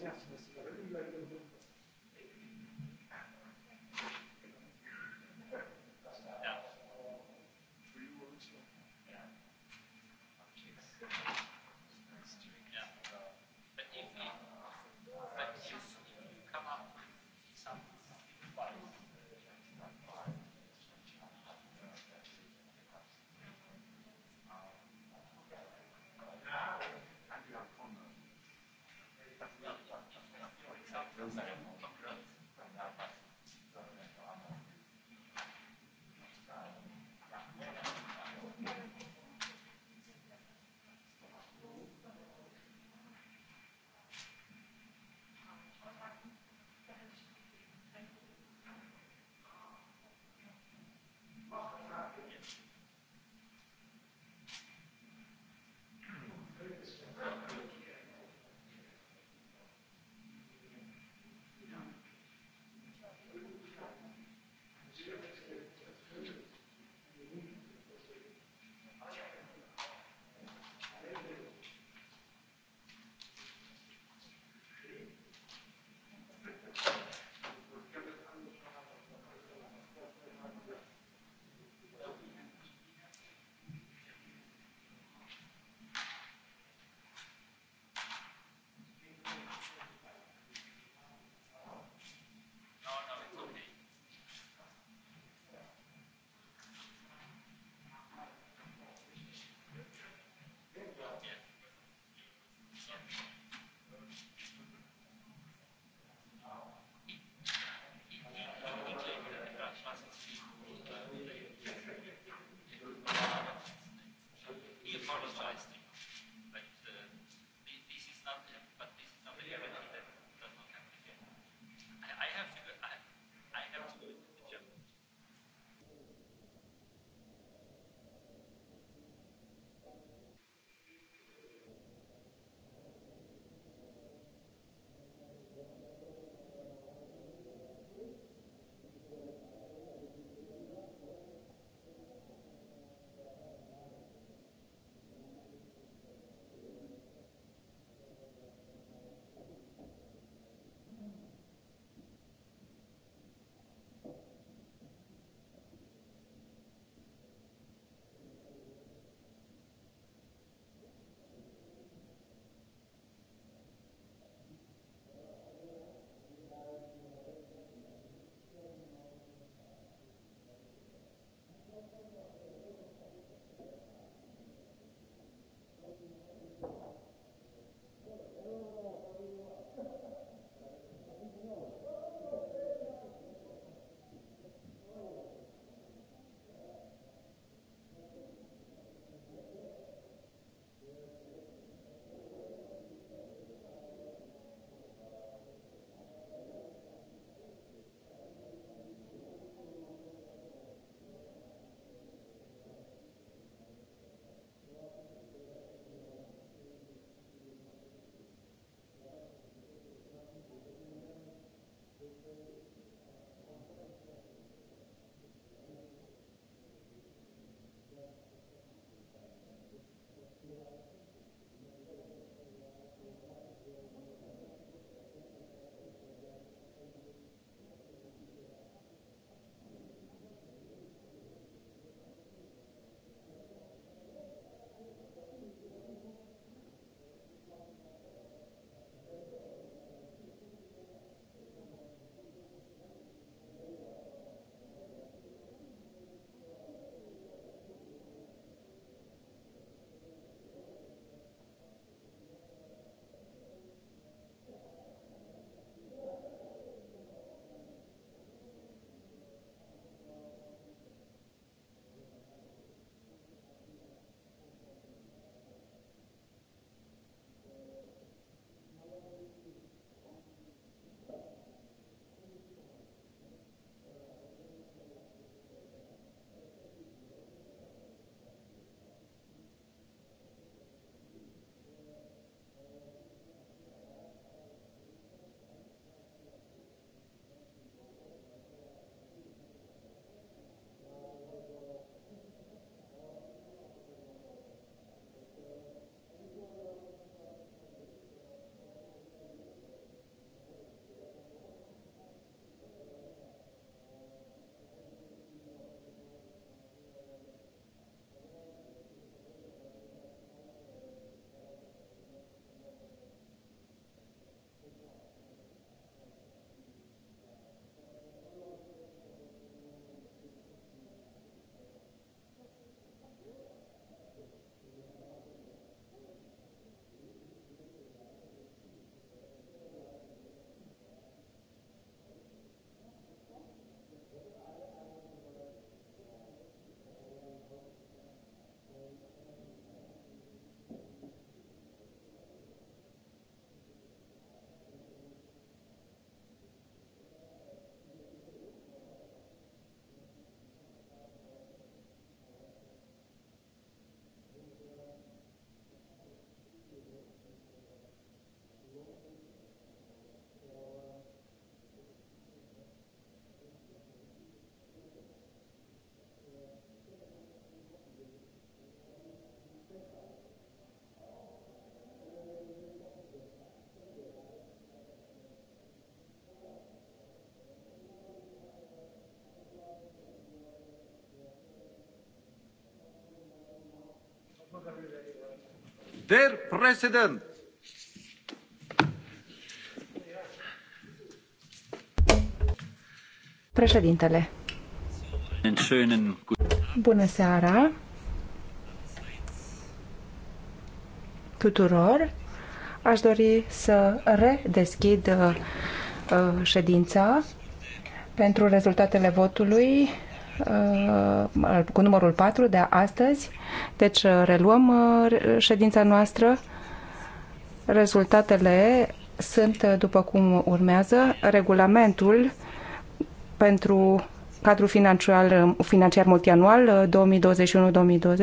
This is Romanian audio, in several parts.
Gracias. der präsident! președintele bună seara tuturor aș dori să redeschid uh, uh, ședința pentru rezultatele votului uh, cu numărul 4 de astăzi deci uh, reluăm uh, ședința noastră. Rezultatele sunt uh, după cum urmează. Regulamentul pentru cadrul financiar, financiar multianual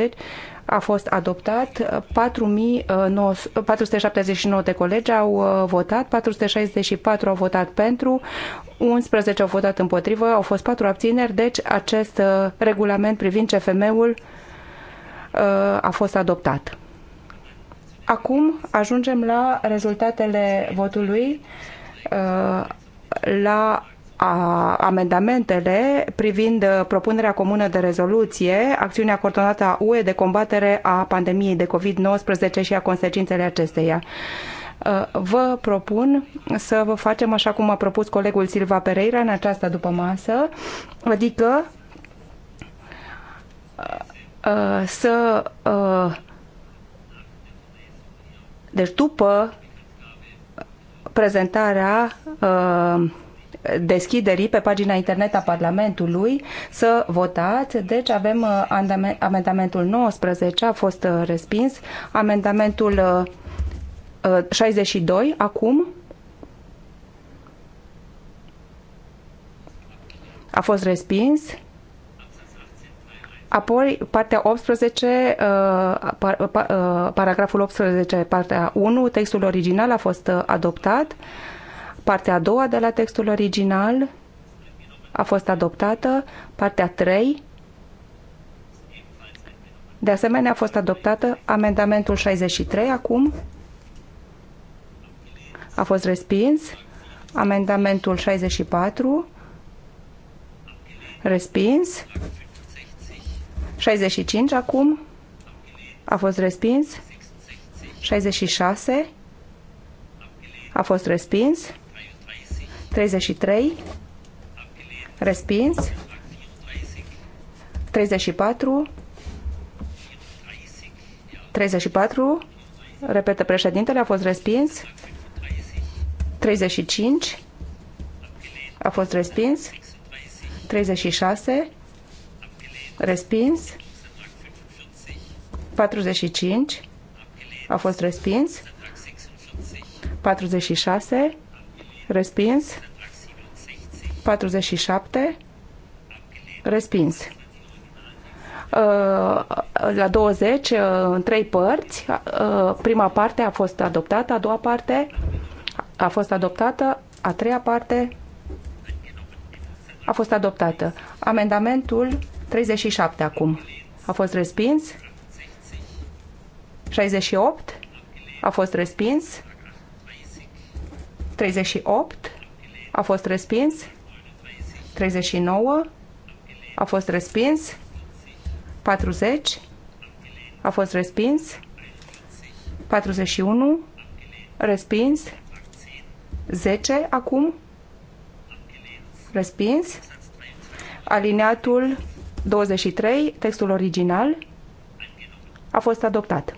2021-2020 a fost adoptat. 479 de colegi au votat, 464 au votat pentru, 11 au votat împotrivă, au fost 4 abțineri, deci acest regulament privind CFM-ul Uh, a fost adoptat. Acum ajungem la rezultatele votului, uh, la amendamentele privind uh, propunerea comună de rezoluție, acțiunea coordonată a UE de combatere a pandemiei de COVID-19 și a consecințele acesteia. Vă propun să vă facem așa cum a propus colegul Silva Pereira în această dupămasă, adică Uh, să uh, deci după prezentarea uh, deschiderii pe pagina internet a Parlamentului să votați. Deci avem amendamentul 19, a fost respins, amendamentul 62 acum a fost respins, Apoi, partea 18, uh, uh, paragraful 18, partea 1, textul original a fost uh, adoptat. Partea a doua de la textul original a fost adoptată. Partea 3, de asemenea, a fost adoptată amendamentul 63 acum. A fost respins. Amendamentul 64. Respins. 65 acum. A fost respins. 66. A fost respins. 33. Respins. 34. 34. Repetă președintele, a fost respins. 35. A fost respins. 36. Respins. 45. A fost respins. 46. Respins. 47. Respins. Uh, la 20, uh, în trei părți, uh, prima parte a fost adoptată, a doua parte a fost adoptată, a treia parte a fost adoptată. Amendamentul 37 acum. A fost respins. 68 a fost respins. 38 a fost respins. 39 a fost respins. 40 a fost respins. 41 respins. 10 acum respins. Alineatul 23, textul original, a fost adoptat.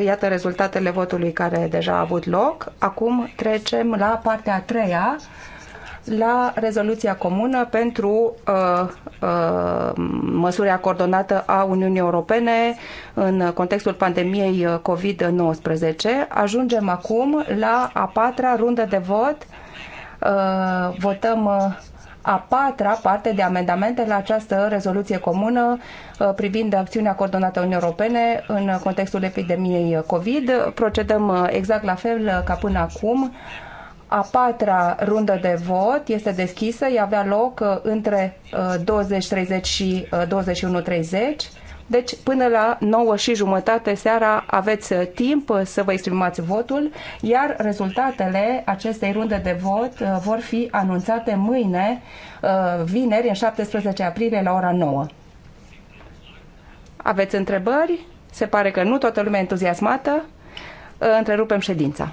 Iată rezultatele votului care deja a avut loc. Acum trecem la partea a treia, la rezoluția comună pentru uh, uh, măsura coordonată a Uniunii Europene în contextul pandemiei uh, COVID-19. Ajungem acum la a patra rundă de vot uh, Uh, votăm uh, a patra parte de amendamente la această rezoluție comună uh, privind acțiunea coordonată a Uniunii Europene în contextul epidemiei COVID. Procedăm exact la fel ca până acum. A patra rundă de vot este deschisă, ea avea loc între 20.30 și 21.30. Deci, până la 9 și jumătate seara aveți uh, timp uh, să vă exprimați votul, iar rezultatele acestei runde de vot uh, vor fi anunțate mâine, vineri, în 17 aprilie, la ora 9. Aveți întrebări? Se pare că nu toată lumea e entuziasmată. Întrerupem ședința.